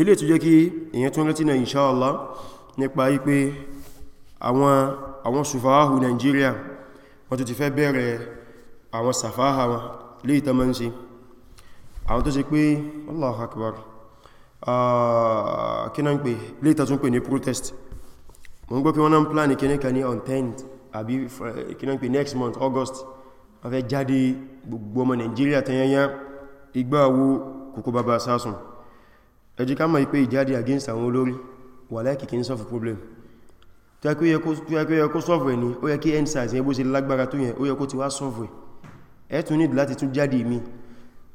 ilé tó jẹ́ kí èyàn tó rántí na inṣáàlá nípa wípé àwọn sùfàáhù Nigeria wọ́n tó ti fẹ́ bẹ̀rẹ̀ àwọn sàfáhà wọn lè ìtàmọ́ ń ṣe àwọn tó ṣe pé Allahu Akbar kí náà ń pè lè ìtàtún pè ní protest mo ń gbọ́ pé wọ́n náà ń plan kìníkà ní on 10 àbí kí ń pè next month August wọ́n fẹ́ jáde gbogbo ọmọ Nigeria tẹ́yẹnyá ìgbà wo kòkó bàbá sásùn ẹjí ká mọ̀ ipé ìjáde against àwọn olórí wà láìkì kí n sọ́fù problem tó yẹ kó sọ́fù ẹ̀ ní ó yẹ kí endsars yẹn bó ṣe lágbára tó yẹn ó yẹ kó ti wá sọ́fù ẹ̀ ẹ tún need láti tún jáde mi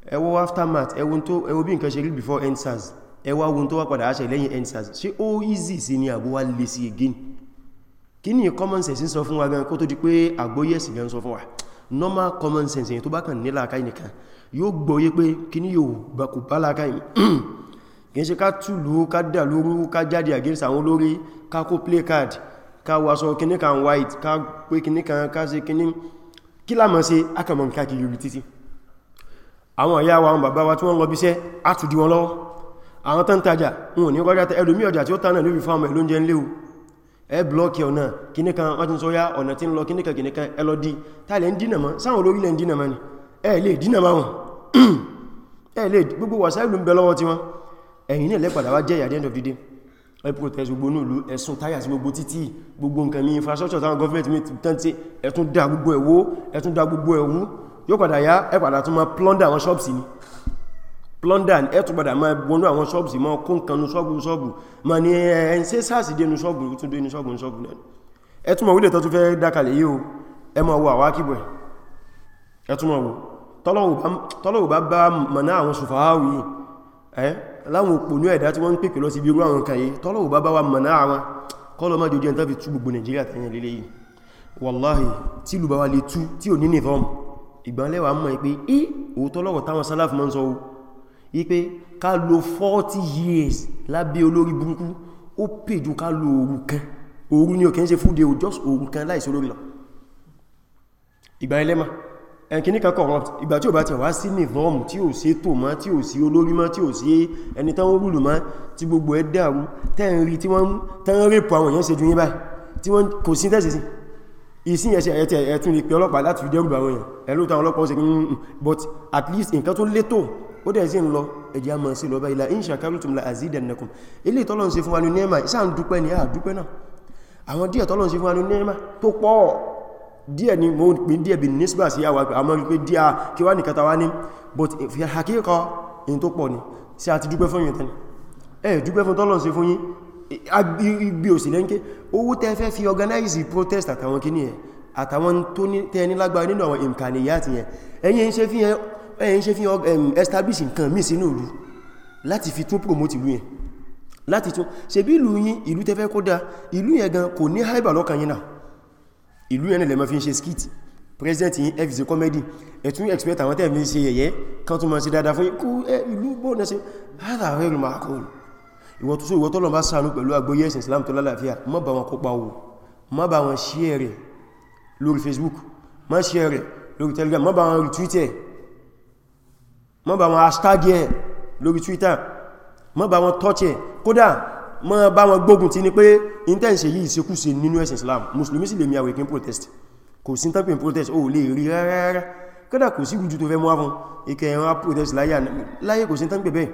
ẹ wo aftermath ẹ wo bí nǹkan ṣe rí before endsars ẹ wá ohun tó wá padà àṣẹ lẹ́yìn endsars ṣé ó easy sí ni àbúwá lè sí again kí ni common sense sọ fún wa gan kó tó di pé àgbóyẹ̀sì gan sọ fún wa normal common sense yẹn tó bá kàn nílà akáyìnìkan yóò gbọ́yé pé kí ni yóò bá kò bá láàkáyìn kìí ṣe ká túlù ká dà lóru ká jáde against àwọn olórí ká kó play card ká wàṣọ kíní kan white ká pé kíní kan ká ṣe kíní kí lámọ̀ sí akàmọ̀ nǹkan kiri títí àwọn ìyá wa àwọn bàbá wa tí wọ́n lọ bí iṣẹ́ á tù dí wọn lọ́wọ́ àwọn tán tajà wọn ní rọ́jà tẹ ẹlòmí ọjà tí ó tánà lórí fáwọn ẹ̀ló oúnjẹ ńlé o ẹ blọ́ọ̀kì ọ̀nà kíní kan wọ́n ti ń sọ́yá ọ̀nà tí ń lọ kíní kan kíní kan ẹlọ gbogbo wàsáìlú ń bẹ lọ́wọ́ tiwọn ẹ̀yìn náà lẹ́pàdà wá jẹ́ ìyàdí end of the day ẹ protest gbogbo náà ló ẹ̀sùn táyà sí gbogbo títí gbogbo nǹkan ní infrastructure táwọn government mi tán tí ẹ̀tún dá gbogbo ẹ̀wó ẹ̀tún dá gbogbo ẹ̀wú yóò padà yá ẹ padà tún máa plunder àwọn shops ni plunder ẹ tún padà máa wọnú àwọn shops máa kó nǹkan nu ṣọ́ọ̀bù ṣọ́ọ̀bù máa ní ẹ ń ṣe sars dé nu ṣọ́ọ̀bù tún dé nu ṣọ́ọ̀bù ṣọ́ọ̀bù náà ẹ tún mọ̀ wílẹ̀ tó tún fẹ́ dákalẹ̀ yìí o ẹ máa wo àwọn akíbọ̀ ẹ tún mọ̀ wo tọ́lọ́wò bá bá mọ̀ náà àwọn ṣùfàáwì ẹ́ láwọn òpònú ẹ̀dá tí wọ́n ń pèpè lọ sí ibi irú àwọn kan yìí bá bá wa mọ̀ náà wọn kọ́lọ̀ má jòjẹ́ tàbí tú gbogbo Nàìjíríà tẹ́yìn lélẹ́ yìí wàláhì tí lù bá wa lè tú tí ò ní nìfọ́m ìgbàlẹ́wà salaf mọ́ ń sọ o years lábẹ́ olórí burúkú ó pè ju ká lo òru kan òru just òru kan láìsí olórí ẹnkìní kan corrupt ìgbà tí ò bá ti wá sí nìvọ́ọ̀mù tí ò sí ètò mọ́ tí ò sí olórí mọ́ tí ò sí ẹni tán rúlù mọ́ tí gbogbo ẹ dàrú tẹ́ẹ̀rí tí wọ́n tán rèpù àwọn èèyàn ṣe ju yín báyìí tí wọ́n kò sí tẹ́sì sí ìsìn ẹ̀ṣẹ̀ ẹ̀tẹ̀ ẹ̀tún lè pe ọlọ́pàá láti fi dẹ́rù àwọn èèyàn ẹ̀lú táwọn ọlọ́pàá ṣe but at least nǹkan tó létò ó dẹ̀ sí ń lọ ẹjẹ́ a máa sí lọ bá ilá in shakartum la azidannakum ilé ìtọ́lọ́n ṣe fún wa ní nẹ́ẹ̀mà sáà ń dúpẹ́ ní àdúpẹ́ náà àwọn díẹ̀ tọ́lọ́n ṣe fún wa ní nẹ́ẹ̀mà tó pọ̀ díẹ̀ ni mo pín díẹ̀ bí nísbà sí àwọn àmọ́ wípé díà kí wá nìkata wá ní but fi hakíkọ in tó pọ̀ ni sí àti dúpẹ́ fún yìí tẹ́ni ẹ̀ dúpẹ́ fún tọ́lọ̀ sí fún yín o òsì lẹ́nkẹ́ owó tẹ́ fẹ́ fi organize protest àtàwọn kíní ẹ̀ àtàwọn tó ní tẹ́ni lágbára nínú àwọn imkaniyat yẹn ẹ̀yin ṣe fi ẹ̀yin ṣe fi establish nǹkan míì sínú ìlú láti fi tún promote ìlú yẹn láti tún gan kò ní haibà lọ́kàn ìlú ẹ̀nà lẹ́mọ́ fi ń ṣe skit president yìí fc comedy ẹ̀tún expect àwọn tẹ́ẹ̀mí ṣe yẹ̀yẹ́ kan tó máa ṣe dáadáa fún ikú ìlú gbóòdá sí hádà rẹ̀rù máa kọ́ ìwọ̀ tó sọ ìwọ̀ tọ́lọ̀ bá ṣàánú pẹ̀lú àgbóyé ẹ̀sìn Islam tó lálàáfíà má bá wọn kópa wò má bá wọn share rẹ̀ lórí Facebook má share rẹ̀ lórí Telegram má bá wọn retweet ẹ̀ má bá wọn hashtag ẹ̀ lórí Twitter má bá wọn touch ẹ̀ kódà mọ́ bá wọn gbógun ti ní pé intense yìí ìṣekúṣe nínú ẹ̀sìn Islam musulmi sì lè mi àwẹ̀kín protest kò sí tọ́pìn protest ó lè rí rárá kódà kò sí gújú tó fẹ́ mọ́ fún ikẹ̀ ẹ̀rọ protest láyé kò sí tọ́pìn bẹ́ẹ̀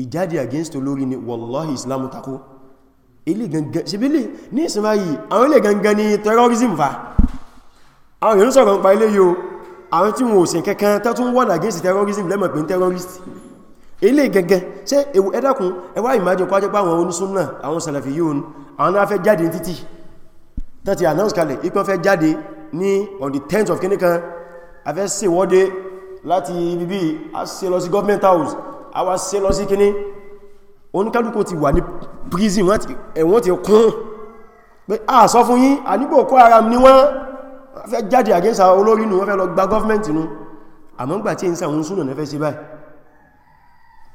ìjáde against olórí wallahi Islam tako ilé gangan ṣe bí lè ní ìsinmi àwọn terrorism fa àwọn yóò sọ̀rọ̀ nípa ilé yóò àwọn tí wọn ò sìn kankan tó tún against terrorism ilé gẹ́gẹ́ ṣe ewu ẹ̀dàkùn ẹwà ìmájìn kwájẹ́ pa àwọn onísúnnà àwọn salafiyun àwọn náà fẹ́ jáde títí tàti announce kalẹ̀ ipẹ́ fẹ́ jáde ní on the 10th of kìnníkan a fẹ́ ṣe wọ́dé láti ibi a ṣe lọ sí government house a wá ṣe lọ sí kìnní oníkálùkù ti wà ní prison ẹ̀wọ̀n ti kún pé a sọ fún yín àníbò kó ara ní wọ́n fẹ́ jáde against olórí nù wọ́n fẹ́ lọ gba government nù àmọ́ gbà tí ń sàwọn súnnà fẹ́ ṣe báyìí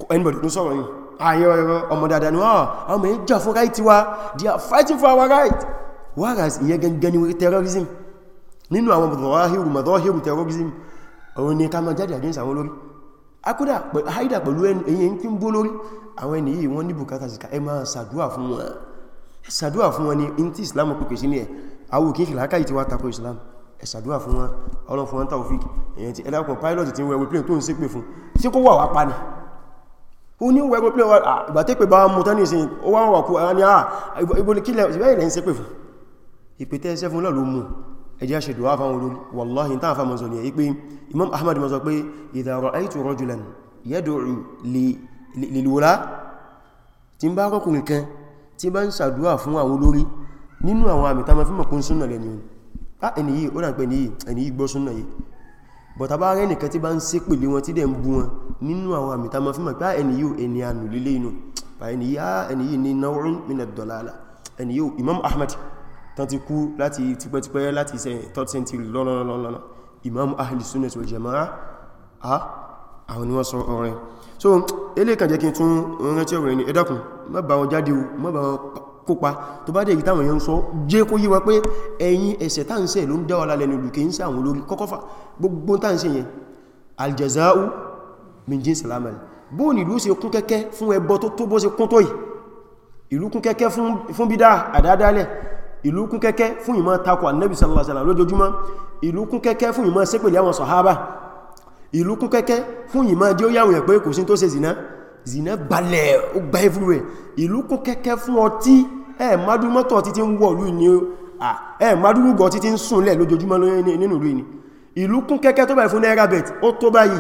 anybody ló sọ̀rọ̀ yìí ayọ́ ẹ̀rọ ọmọ dáadáa ni wọ́n àwọn èyí jà fún right wa they are fighting for our right whereas ìyẹ́ gẹngẹn ni terrorism nínú àwọn mọ̀dọ̀hìrù mọ̀dọ̀hìrù terrorism òun ni ká máa jáde against àwọn olórí akúdà haida pẹ̀lú ẹ̀yìn tí ń bó lórí àwọn ẹni yìí wọ́n ní bùkátà sí ká ẹ máa ṣàdúà fún wọn ṣàdúà fún wọn ni in tí islam pèpè sí ní ẹ̀ àwọn òkè ìlàkà yìí ti wá tako islam ẹ ṣàdúà fún wọn ọlọ́fún wọn tàwọ́fíkì èyàn ti ẹlẹ́kùn pilot ti wẹ̀wẹ̀ plane tó ń ṣépè fún sí kó wà wá pa ni ó ní wẹ́gbẹ́ pé ìgbà tí pé bá mú tán ní ìsìn ó wá wà kú ara ní àà ìbòlì kílẹ̀ ìbẹ́ ilẹ̀ ń ṣe pè fún ìpètẹ́ ẹsẹ́ fún lọ́lọ́ mú ẹjẹ́ ṣe Imam Ahmad mọ̀sọ̀ pé idha ra'aytu rajulan yad'u lilwala tí ń bá rọ́kùnrin kan tí bá ń ṣàdúwà fún àwọn olórí nínú àwọn àmì ma fi mọ̀kún súnà lẹ́ni ẹni yìí ó nà pẹ̀ ní ẹni yìí gbọ́ súnà yìí bọ̀tà bá rẹ́ nìkan tí nínú àwọn àmì tàbí fíìmọ̀ pé ah, ẹni yíò ẹni ànù lílé inú ẹni yíò ah, ẹni yíò ní náwọ́rún minad dalala ẹni yíò Imam Ahmad tán ti kú láti tipẹ́tipẹ́ láti 3rd century lọ́nà Imam ahli sunnah wal jama'a àwọn ni wọ́n sọ so ilé kan jẹ́ kí n tún rántí ọ̀rẹ́ ni ẹ dákun má bá wọn jáde o má bá wọn kópa tó bá dẹ̀ èyí táwọn èèyàn sọ jẹ́ kó yíwa pé ẹ̀yin ẹ̀ṣẹ̀ táǹsẹ̀ ló min jins al-amal bó ní ìlú ṣe kún kẹ́kẹ́ fún ẹbọ tó tó bó ṣe kún tó yìí ìlú kún kẹ́kẹ́ fún bídá àdádálẹ̀ ìlú kún kẹ́kẹ́ fún ìmọ̀ takwa annabi sallallahu alaihi wasallam lójoojúmọ́ ìlú kún kẹ́kẹ́ fún ìmọ̀ ṣépèlé àwọn sàhábà ìlú kún kẹ́kẹ́ fún ìmọ̀ jẹ́ ó yàwó ẹ̀pẹ́ kò sí tó ṣe zina zina gbalẹ̀ ó gba everywhere ìlú kún kẹ́kẹ́ fún ọtí ẹ̀ madúmọ́tọ̀ títí ń wọ̀lú ni ẹ̀ madúrúgọ títí ń súnlẹ̀ lójoojúmọ́ nínú ìlú ìlú kún kẹ́kẹ́ tó báyìí fún náírà bet ó tó báyìí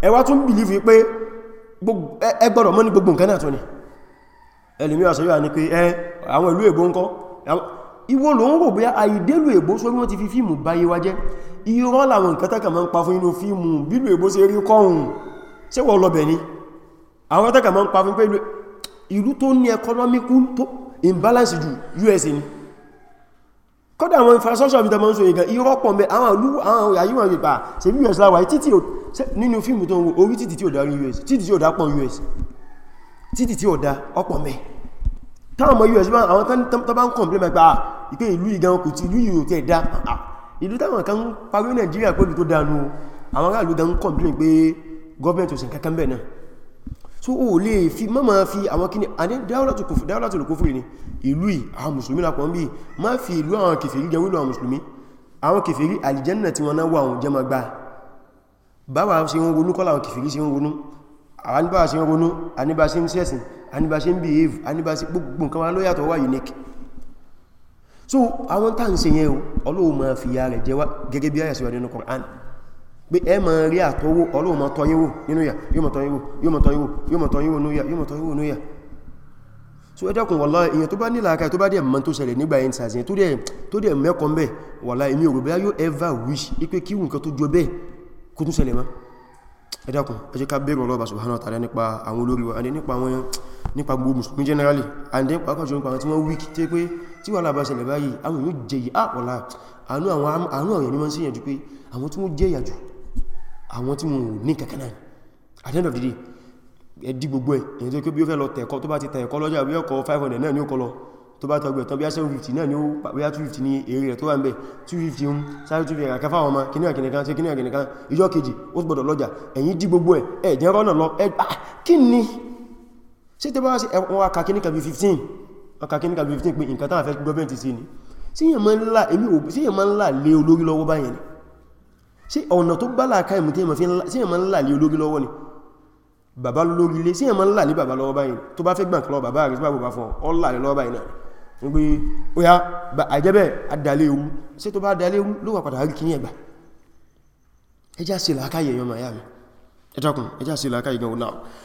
ẹ wá tún bìlífì pé ẹ gbọ́dọ̀ mọ̀ ní gbogbo nǹkan náà tó ní ẹlùmí àṣọ́yà ní pé ẹ àwọn ìlú èbó ń kọ́ ìwọ ló ń rò bí àìdélù èbó sórí wọ́n ti fi fíìmù báyé wá jẹ́ irọ́ làwọn nǹkan tẹ́kà máa ń pa fún inú fíìmù bílù èbó ṣe rí kọ́hùn ṣé wọ́n lọ́bẹ̀ ni àwọn tẹ́kà máa ń pa fún pé ìlú tó ní economic imbalance ju USA ni kọ́dà àwọn infrastructure bí tẹ́mọ́ ń so ìgbà irọ́ pọ̀ mẹ́ àwọn àyíwọ̀n ìgbà ṣe bí US láwàá títí nínú fíìmù tó ń wo orí títì tí ò dá rí us títì tí ò dá pọ̀ us títì tí ò dá ọ̀pọ̀ mẹ́ táwọn ọmọ us àwọn tó bá ń complain mẹ́pa ah, ìpé ìlú ìgan kò tí ìlú ìrò tẹ́ dá ah, ìlú táwọn kan parí nàìjíríà pẹ̀lú tó dánú àwọn aráàlú gan complain pé gọ́ọ̀mẹ̀ntì òsìn so o lè fi mọ́mọ́ fi àwọn kíni àní dáwọ́látò lòkó fún ìní ìlú àwọn mùsùlùmí lápọ̀ ń bí má fi ìlú àwọn kèfèrí jẹ́ wílò àwọn mùsùlùmí àwọn kèfèrí àlìjẹ́nà tí wọ́n náà wà báwa ṣe ń ronú kọ́lá àwọn kìfìrí ṣe ń ronú àníbà ṣe ń ronú àníbà ṣe ń sẹ́sìn àníbà ṣe ń behave àníbà ṣe gbogbo nǹkan wọn ló yàtọ̀ wà unique so àwọn tàà ń ṣe yẹn Ọlọ́hun máa fi ya rẹ̀ jẹwa gẹ́gẹ́ bí ayà síwá nínú Qur'an pé ẹ ma rí àtọwó Ọlọ́hun máa tọ́ yíwò nínú yà yóò mọ̀ tọ́ yíwò yóò mọ̀ tọ́ yíwò yóò mọ̀ tọ́ yíwò nínú yà yóò mọ̀ tọ́ yíwò nínú yà so ẹ dákun wallahi èyàn tó bá ní làákà tó bá dẹ̀ mọ́ tó ṣẹlẹ̀ nígbà yẹn sàzìn tó dẹ̀ mẹ́kọ̀ọ́ bẹ̀ wallahi èmi ò rò bá yóò ever wish ipé kíwù nǹkan tó jọ bẹ́ẹ̀ kó tún ṣẹlẹ̀ mọ́ ẹ dákun ẹ jẹ́ ká bẹ̀rù Ọlọ́run subhanahu wa ta'ala nípa àwọn olórí wa àti nípa àwọn nípa gbogbo mùsùlùmí generally and then pàápàá jù nípa àwọn tí wọ́n wíkì tí pé tí wà lábá ṣẹlẹ̀ báyìí àwọn yóò jẹ yìí ah, àpọ̀lá àánú àwọn èèyàn ní mọ́ sí ìyànjú pé àwọn tí wọ́n jẹ ìyàjù àwọn tí wọ́n ní kankan náà at the end of the day ẹ̀dí gbogbo ẹ̀ èyí tó kí bí ó fẹ́ lọ tẹ̀ẹ̀kọ́ tó bá ti tẹ̀ẹ̀kọ́ lọ́jà bí ọkọ̀ 500 náà ní ó kọ lọ tó bá tọgbẹ̀ tọ́ bí á 750 náà ni ó bí á 250 ní èrè rẹ̀ tó wà ń bẹ̀ 250 ń sáré 250 rẹ̀ káfà ọmọ kìnnì àkìnìkan sí kìnnì àkìnìkan ìjọ kejì ó gbọ́dọ̀ lọ́jà ẹ̀yìn dí gbogbo ẹ̀ ẹ̀jẹ̀ rọ́nà lọ ẹgbà ah, kí ni ṣe tẹ́ bá sí ẹ̀wọ̀n aka kìnnì ni síyàn máa ń ni ṣe ọ̀nà tó gbá láàká ìmú tí èèyàn máa ń là lé olórí lọ́wọ́ ni bàbá lórí ilé síyàn máa ń là lé bàbá lọ́wọ́ báyìí tó bá fẹ́ gbà kan lọ bàbá rẹ̀ sí bàbá fún ọ là lé lọ́wọ́ báyìí náà wípé ó yá àjẹ́bẹ̀ adalé ewu sí tó bá adalé ewu ló wà padà rí kìí ẹgbà ẹjá sí làákàyè yọmọ ya mi ẹjọ́kùn ẹjá sí làákàyè gan náà